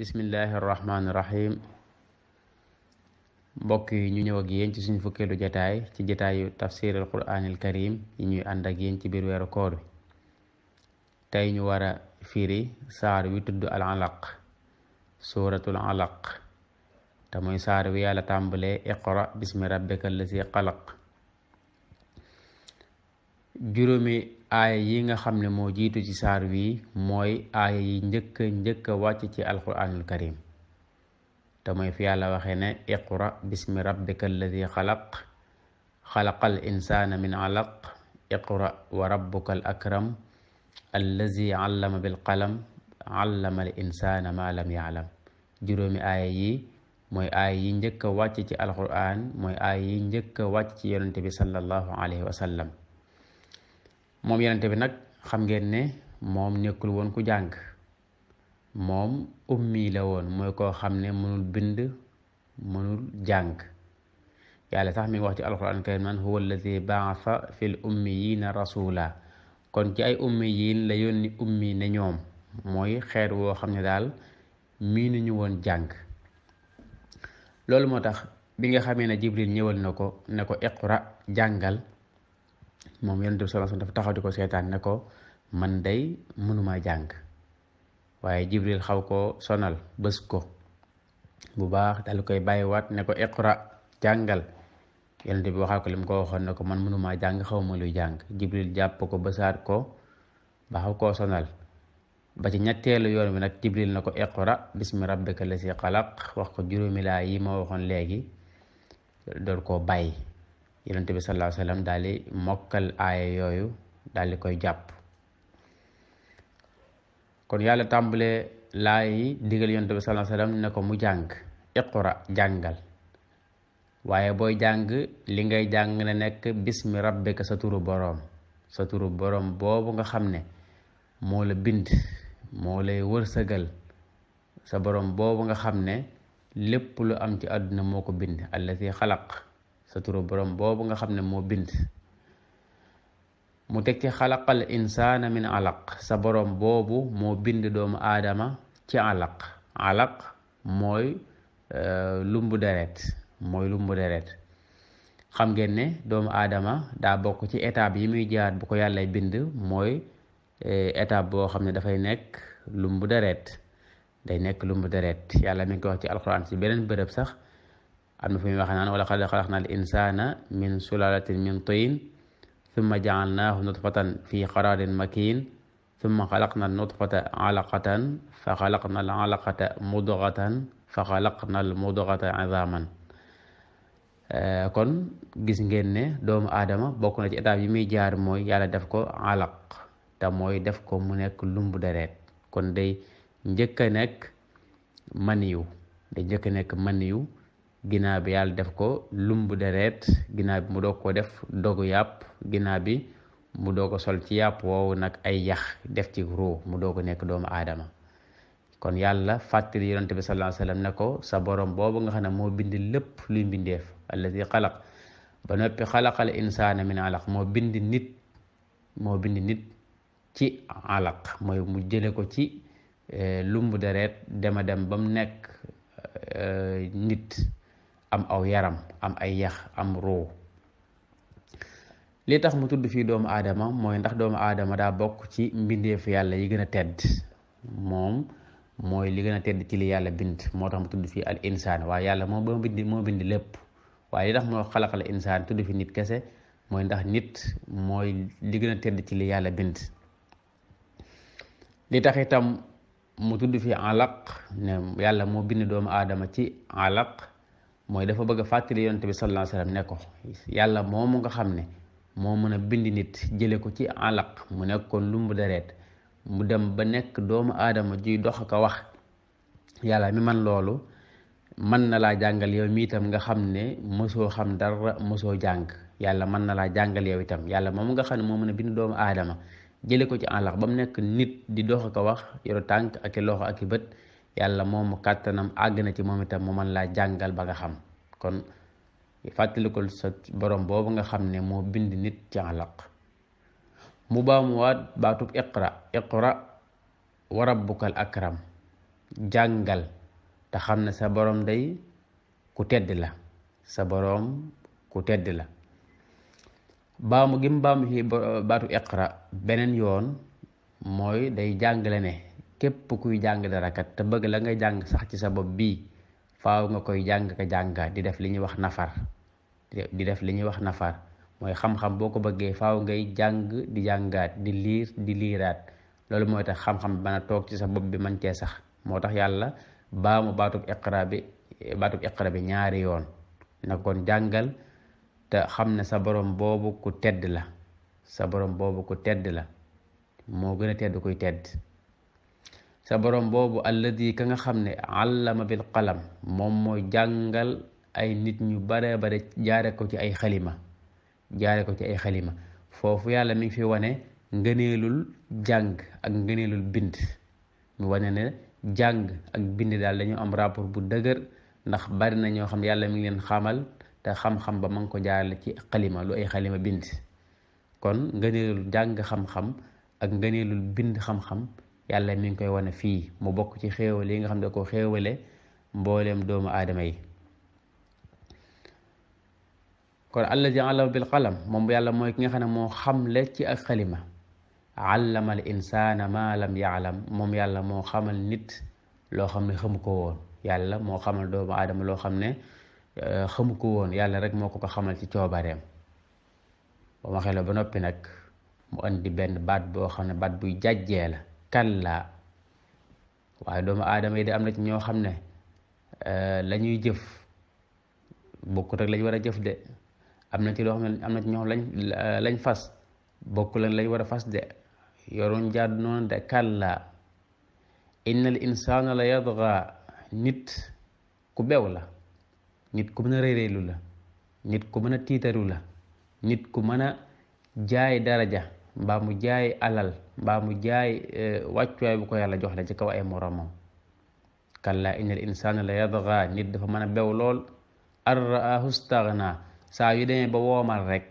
bismillahi rahmaani rahim mbokk yi ñu ñëw ak yéen ci suñu fukkeelu jataay ci jataayu tafsir al quraanil karim yi ñuy ànd ak yéen ci biir weeru koor bi tey ñu war a firi saar wi tudd al alaq suuratul alaq te muy saar wi yàlla tàmbalee iqra bismi rabbika allazi xalaq juróomi aaya yi nga xam ne moo jiitu ci saar wi mooy aaya yi njëkk njëkk wàcc ci alquranul karim te mooy fi yàlla waxee ne iqra bismi rabbika alladi xalaq xalaqal insaana min alaq iqra wa rabbuka al akram allazi allama bil qalam allama al insaana ma lam yaalam juróomi aaya yi mooy aaya yi njëkk wàcc ci alquran mooy aaya yi njëkk wàcc ci yonente bi sallallahu alayhi wa sallam moom yonente bi nag xam ngeen ne moom nekkul woon ku jàng moom ummi la woon mooy koo xam ne mënul bind mënul jàng yàlla sax mi ngi wax ci alquran karim naan huwa alladi baafa fil ummiyina rasula kon ci ay yii la yónni ummi ne ñoom mooy xeet woo xam ne daal mii nañu woon jàng loolu moo tax bi nga xamee ne jibril ñëwal na ko ne ko iqra jàngal moom yonent bi sallallahu alayhi dafa taxaw di ko seetaan ne ko man day mënumaa jàng waaye jibril xaw ko sonal bés ko bu baax dal koy bàyyiwaat ne ko iqra jàngal yonent bi waxaat ko li mu ko waxoon ne ko man mënumaa jàng xaw ma luy jàng jibril jàpp ko bësaat ko ba xaw koo sonal ba ci ñetteelu yoon bi nag jibril na ko iqra bismi rabbika lasi xalaq wax ko juróomi laa yi ma waxoon léegi doon koo bàyyi yonent bi sallallahu alayhi wa sallam daal di mokkal aaya yooyu daal di koy jàpp kon yàlla tàmbalee laa yi digal yonent bi sallallahu alayhi wa sallam ne ko mu jàng iqra jàngal waaye booy jàng li ngay jàng ne nekk bismi rabbika sa turu boroom sa turu boroom boobu nga xam ne moo la bind moo lay wërsëgal sa boroom boobu nga xam ne lépp lu am ci àdduna moo ko bind allazi xalaq sa turu borom boobu nga xam ne moo bind mu teg ci xalaqal insaana min sa borom boobu moo bind doomu aadama ci alaq alaq mooy euh, lumbu deret mooy lumbu deret xam ngeen ne doomu aadama daa bokk ci étape yi muy jaar bu ko yàlla bind mooy euh, étape boo xam ne dafay nekk lumbu deret day nekk lumbu deret yàlla mi ngi ko wax ci alxuraan si beneen bërëb sax am na fu muy waxee naan wala xad xalaqna al insana min sulalatin min tin thumma jaalnaahu nutfatan fi qararin makin thumma xalaqna al nutfata fa xalaqna al alaqata mudgatan fa eh, kon gis ngeen ne doomu aadama bokk na ci étape yi muy jaar mooy yàlla def ko alaq te mooy def ko mu nekk lumbu deret kon day njëkk a nekk maniyu day njëkk nekk maniyu ginnaaw bi yàlla def ko lumb deret ginnaaw bi mu doo ko def dogu yàpp ginnaaw bi mu doo ko sol ci yàpp woowu nag ay yax def ci ruu mu doo ko nekk doomu aadama kon yàlla fàttali yonent bi sallallahu alayhi wa sallam ko sa boroom boobu nga xam ne moo bind lépp luy mbindeef allazi xalaq ba noppi xalaqal insaana min alaq moo bind nit moo bind nit ci alaq mooy mu jële ko ci eh, lumb deret dema dem ba mu nekk eh, nit am aw yaram am ay yax am ruu li tax mu tudd fii doomu aadama mooy ndax doomu aadama daa bokk ci mbindeefu yàlla yi gën a tedd moom mooy li gën a tedd ci li yàlla bind moo tax mu tudd fii al insaan waaye moo bind moo bind lépp tudd fi nit kese mooy ndax nit mooy li ci li yàlla ne yàlla moo bind doomu aadama ci alaq mooy dafa bëgg a fàttali yonent bi sallallahu alayhi wasallam ne ko yàlla moomu nga xam ne moo mën a bind nit jële ko ci alaq mu nekkoon lumbu deret mu dem ba nekk doomu aadama juy dox ko wax yàlla mi man loolu mën na laa jàngal itam nga xam ne mosoo xam dara mosoo jàng yàlla mën na laa jàngal yow yàlla moom nga xam ne moo mën a bind doomu aadama jële ko ci àllax ba mu nekk nit di dox ko wax yoru tànk ak i loxo ak i bët yàlla moom kàttanam àgg na ci moom itam mu mën laa jàngal ba nga xam kon fàttalikul sa borom boobu nga xam ne moo bind nit ci alaq mu baamuwaat baatub iqra iqra wa rabbukal akram jàngal te xam ne sa borom day ku tedd la sa borom ku tedd la baamu gi mu baamu ci baatu iqra beneen yoon mooy day jàngale ne képp kuy jàng dara kat te bëgg la ngay jàng sax ci sa bopp bii faaw nga koy jàng ka jàngaat di def li ñuy wax nafar di def li ñuy wax nafar mooy xam-xam boo ko bëggee faaw ngay jàng di jàngaat di liir di liiraat loolu mooy tax xam-xam bi a toog ci sa bopp bi mën cee sax moo tax yàlla baa mu baatub iqra bi baatub iqra ñaari yoon na kon jàngal te xam ne sa borom boobu ku tedd la sa borom boobu ku tedd la moo gën a tedd kuy tedd sa borom boobu alladi ka nga xam ne àllama bil qalam moom mooy jàngal ay nit ñu bare bare jaare ko ci ay xalima jaare ko ci ay xalima foofu yàlla mi ngi fi wane ngëneelul jàng ak ngëneelul bind wane ne jàng ak bind daal dañu am rapport bu dëgër ndax bari na ñoo xam yàlla mi ngi leen xamal te xam ba ma ngi ko jaarale ci xalima ay xalima bind kon ngëneelul jàng xam-xam ak ngëneelul bind xam-xam yàlla mi ngi koy wane fii mu bokk ci xéewale yi nga xam ne ko xéewale mbooleem doomu aadama yi kon allazi allama bil qalam moom yàlla mooy ki nga ne moo xamle ci ak xalima allamal insaana moom yàlla moo xamal nit loo xam ne xamu ko woon yàlla moo xamal doomu aadama loo xam ne euh, xamu ko woon yàlla rek moo ko ko xamal ci coobareem ba ma xeloo ba noppi nag mu andi benn baat boo xam ne baat buy jàjjee la kalla waaye doomu aadama yi de am na ci ñoo xam ne eh, la ñuy jëf bokkut ak lañ war a jëf de am na ci loo xam ne na ñoo xam eh, lañ fas bokkul ak lañ war a fas de yoru jaadu noonu de kalla innal insaana la yadga nit ku bew la nit ku mën a réeréelu la nit ku mën a tiitaru la nit ku mën a jaay daraja mbaa mu jaay alal mbaa mu jaay eh, wàccuwaay bu ko yàlla jox la ci kaw ay moromam kalla innal insaana la yadgaa nit dafa mën a bew lool ar raahu staghna saa yu demee ba woomal rek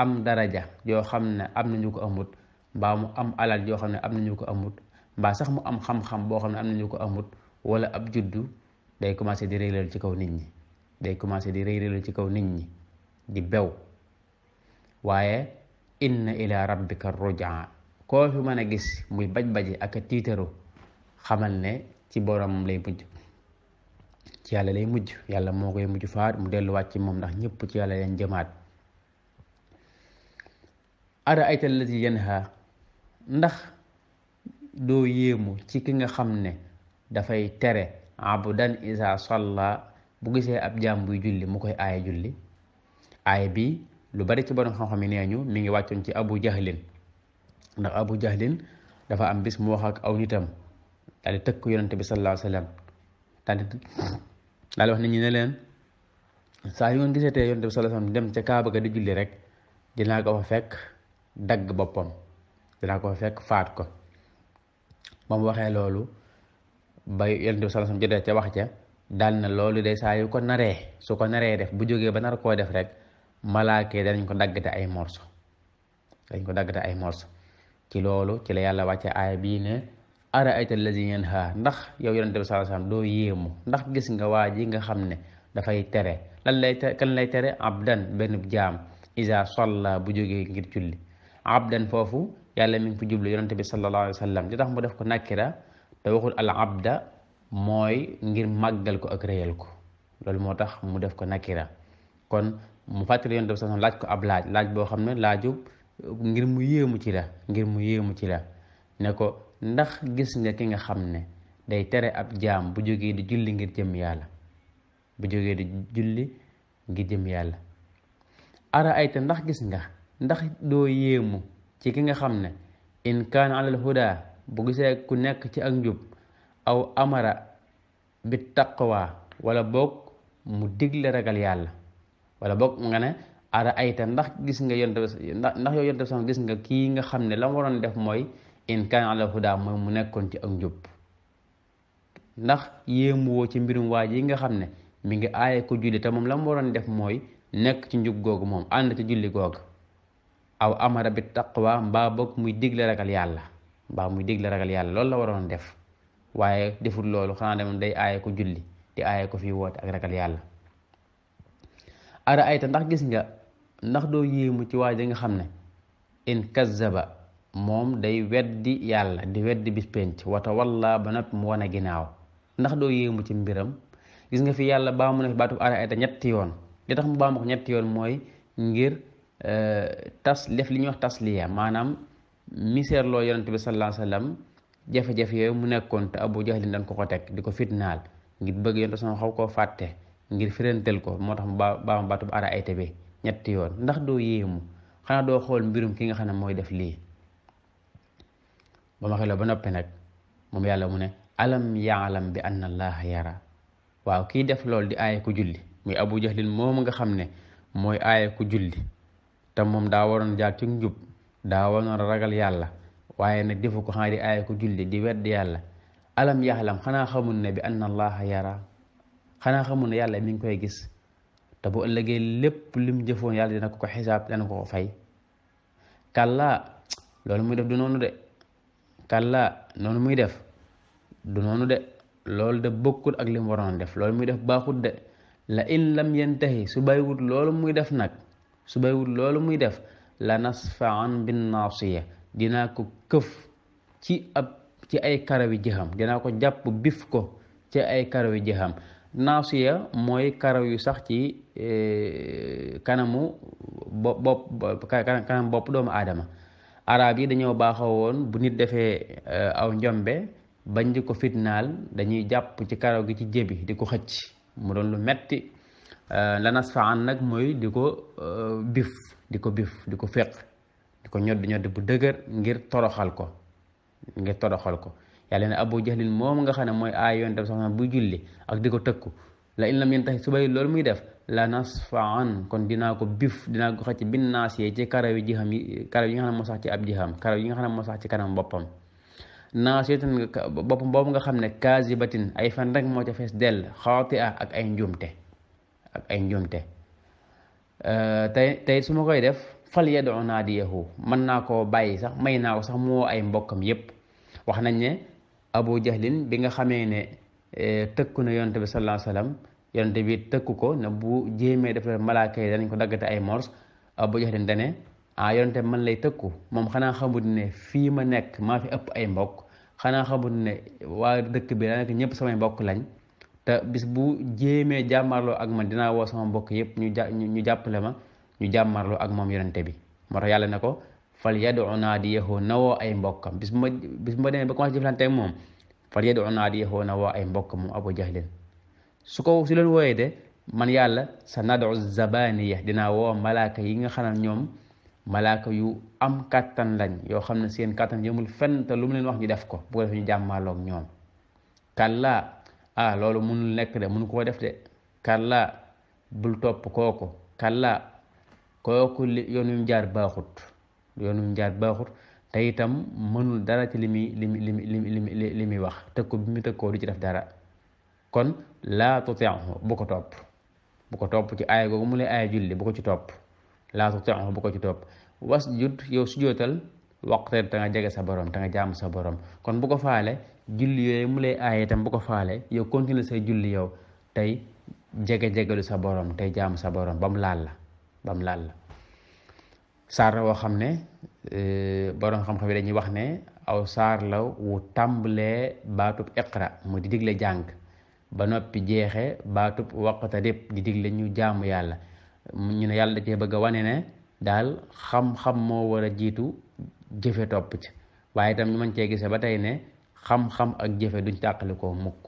am daraja yoo xam ne am nañu ko amut mbaa mu am alal joo xam ne am nañu ko amut mbaa sax mu am xam-xam boo xam ne am nañu ko amut wala ab juddu day commencé di réyréelu ci kaw nit ñi day commencé di réyréelu ci kaw nit ñi di bew waaye inna ila rabbika rujaa koo fi mën a gis muy baj-baji ak a tiitaru xamal ne ci borom lay mujj ci yàlla lay mujj yàlla moo koy mujj faat mu delluwaat ci moom ndax ñëpp ci yàlla leen jëmaat ara ayta allati yanha ndax doo yéemu ci ki nga xam ne dafay tere abdan isa salla bu gisee ab jaam buy julli mu koy aaya julli aaya bi lu bari ci borom xam-xam yi nee ñu mi ngi wàccoon ci abu jahlin ndax abu jahlin dafa am bis mu wax ak aw nitam daal di tëkk yonante bi sallallahu alayhi wa sallam di wax nit ñi ne leen saa yu ngeen gisatee yonante bi sallallahu alayhi dem ca Kaaba ka di julli rek dinaa ko fa fekk dagg boppam dinaa ko fa fekk faat ko moom mu waxee loolu ba yonante bi sallallahu ca wax ca dal na loolu day saa yu ko naree su ko naree def bu jógee ba nar koo def rek. malaaka yi danañ ko daggate ay morso dañ ko daggate ay morso ci loolu ci la yàlla wàcce aaya bii ne ara ayta allazi yanha ndax yow yonente bi sallallahu alayhi wasallam doo yéemu ndax gis nga waa ji nga xam ne dafay tere lan lay kan lay tere abdan benn jaam isa solla bu jógee ngir julli abdan foofu yàlla mi ngi fi jublu yonente bi sallallahu alayhi wasallam li tax mu def ko nakira te waxul al abda mooy ngir màggal ko ak réyal ko loolu moo tax mu def ko nakira kon mu fàttali yonent bi sallallahu alayhi wasallam laaj ko ab laaj laaj boo xam ne laaju ngir mu yéemu ci la ngir mu yéemu ci la ne ko ndax gis nga ki nga xam ne day tere ab jaam bu jógee di julli ngir jëm yàlla bu jógee di julli ngir yàlla ara ayta ndax gis nga ndax doo yéemu ci ki nga xam ne in kaana alal huda bu gisee ku nekk ci ak njub aw amara bi taqwa wala boog mu digle ragal yàlla wala boog nga ne ara ayta ndax gis nga yonte ndax ndax yow gis nga kii nga xam ne la mu waroon def mooy in kaan ala huda mooy mu nekkoon ci ak njub ndax yéemu ci mbirum waa ji nga xam ne mi ngi aaye ko julli te moom la waroon def mooy nekk ci njub googu moom ànd ci julli googu aw amara taq waa mbaa boog muy digle ragal yàlla mbaa muy digle ragal yàlla loolu la waroon def waaye deful loolu xanaa dem day aaye ko julli di aaye ko fi woote ak ragal yàlla ara ayta ndax gis nga ndax doo yéemu ci waa ji xam ne in kazzaba moom day weddi yàlla di weddi bis penc wata walla ba noppi mu wane ginnaaw ndax doo yéemu ci mbiram gis nga fi yàlla baamu na fi baatu ara ayta ñetti yoon li tax mu baamu ko ñetti yoon mooy ngir euh, tas def li ñuy wax tasliya maanaam misère loo yonent bi sallallahu alayhi wasallam jafe-jafe yooyu mu nekkoon te abu jahlin dañ ko ko teg di ko fitnaal ngir bëgg yonent sama xaw koo fàtte ngir firanteel ko moo tax mu baa baa baatu ba ara ayte be ñetti yoon ndax doo yéemu xanaa doo xool mbirum ki nga xam ne mooy def lii ba ma xeloo ba noppi nag moom yàlla mu ne alam yaalam bi an anna allaha yara waaw kii def loolu di aaye ku julli muy abu jahlin nga xam ne mooy aaye ku julli te moom daa waroon jaar ci njub daa ragal yàlla waaye nag defu ko xanaa di aaye ku julli di wedd yàlla alam yaalam xanaa xamul ne bi anna allaha yara xanaa xamul ne yàlla mi ngi koy gis te bu ëllëgee lépp lim jëfoon yàlla dina ko ko xisaab dana ko ko fay kàllaa loolu muy def du noonu de kàllaa noonu muy def du noonu de loolu de bokkul ak lim waroon def loolu muy def baaxut de la in lam yantahi su bàyyiwut loolu muy def nag su bàyyiwut loolu muy def la nasfaan bin naasiya dinaa ko këf ci ab ci ay karawi jëxam dinaa ko jàpp bif ko ci ay karawi jëxam naasiya mooy karaw yu sax ci e, kanamu bopp kanam doomu aadama arab yi dañoo baaxoo woon bu nit defee e, aw njombe bañ di ko fitnaal dañuy jàpp ci karaw gi ci jébi di ko xëcc mu doon lu metti e, lanas fa an nag mooy di ko bif di ko bif di ko féq di ko ñodd ñodd bu dëgër ngir toroxal ko ngir toroxal ko yàlla ne abu jahlin moomu nga xam ne mooy aay yoon tam sax buy julli ak di ko tëkku la in lam yantahi su bay loolu muy def la nasfaan kon dinaa ko bif dinaa ko ci bin naas yee ci karaw yi jiham yi karaw yi nga xam ne moo sax yi nga xam ne moo sax ci kanam boppam naas yee tan boppam boobu nga xam ne kaasibatin ay fan rek moo ca fees dell xaati a ak ay njuumte ak ay njuumte te euh, te su ma koy def fal yadu naadiyahu mën naa ko bàyyi sax may naa ko sax mu ay mbokkam yépp abu jahlin bi nga xamee ne e, tëkku na yonte bi sallallahu alayhi yonte bi tëkku ko ne bu jéemee def la malaaka yi danañ ko daggate ay mors abu jahlin dane ah yonte bi man lay tëkku moom xanaa xamut ne fii ma nekk maa fi ëpp ay mbokk xanaa xamut ne waa dëkk bi daanaka ñëpp samay mbokk lañ te bis bu jéemee jàmmarloo ak man dinaa woo sama mbokk yëpp ñu ja ñu jàppale ma ñu jàmmarloo ak moom yonente bi moo tax yàlla ne ko fal yadu naadiyahu na woo ay mbokkam bis ma bis ma demee ba moom fal yadu naadiyahu na woo ay mbokkam moom abu jahlin su ko su leen wooyee de man yàlla sa nadu zabaniya dinaa woo malaaka yi nga xanaa ñoom malaaka yu am kàttan lañ yoo xam ne seen kattan yëmul fenn te lu mu leen wax ñu def ko bu ko defee ñu jàmmaaloog ñoom kàllaa ah loolu mënul nekk de mënu koo def de kàllaa bul topp kooku kàllaa kooku yoon wi mu jaar baaxut yoonu njaat baaxut te itam mënul dara ci li muy li muy li muy li muy li muy wax tëkk ko bi mu tëkk koo du ci def dara kon laa tuti'hu bu ko topp bu ko topp ci aaya googu mu lay aaya julli bu ko ci topp laa tuti'hu bu ko ci topp wasjud yow sujjóotal waqteer te nga jege sa borom te nga jàmm sa borom kon bu ko faale julli yooyu mu lay aaye itam bu ko faale yow continue say julli yow tey jege jegelu sa borom tey jaamu sa borom ba mu laal la ba mu laal la saar la woo xam ne euh, borom xam-xam yi dañuy wax ne aw saar la wu tàmbalee baatub iqra mu di digle jàng ba noppi jeexe baatub dépp di digle ñu jàmm yàlla ñu ne yàlla da cee bëgg a wane ne daal xam-xam moo war a jiitu jëfe topp ci waaye itam ñu mën cee gise ba tey ne xam-xam ak jëfe duñ tàqali koo mukk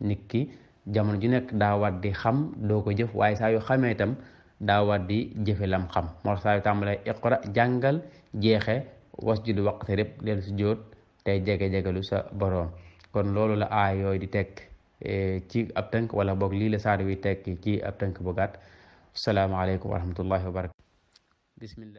nit ki jamono ju nekk daa war di xam doo ko jëf waaye saa yu xamee itam daa war di jëfe lam xam moo tax saa yu tàmbalee iqra jàngal jeexe was wasjud waqti rëb del su jóot tey jege jegalu sa boroom kon loolu la aay yooyu di tekk e, ci ab tënk wala boog lii la saar wi tekk ci ab tënk bu gàtt salaamaaleykum wa rahmatullahi wa barakatu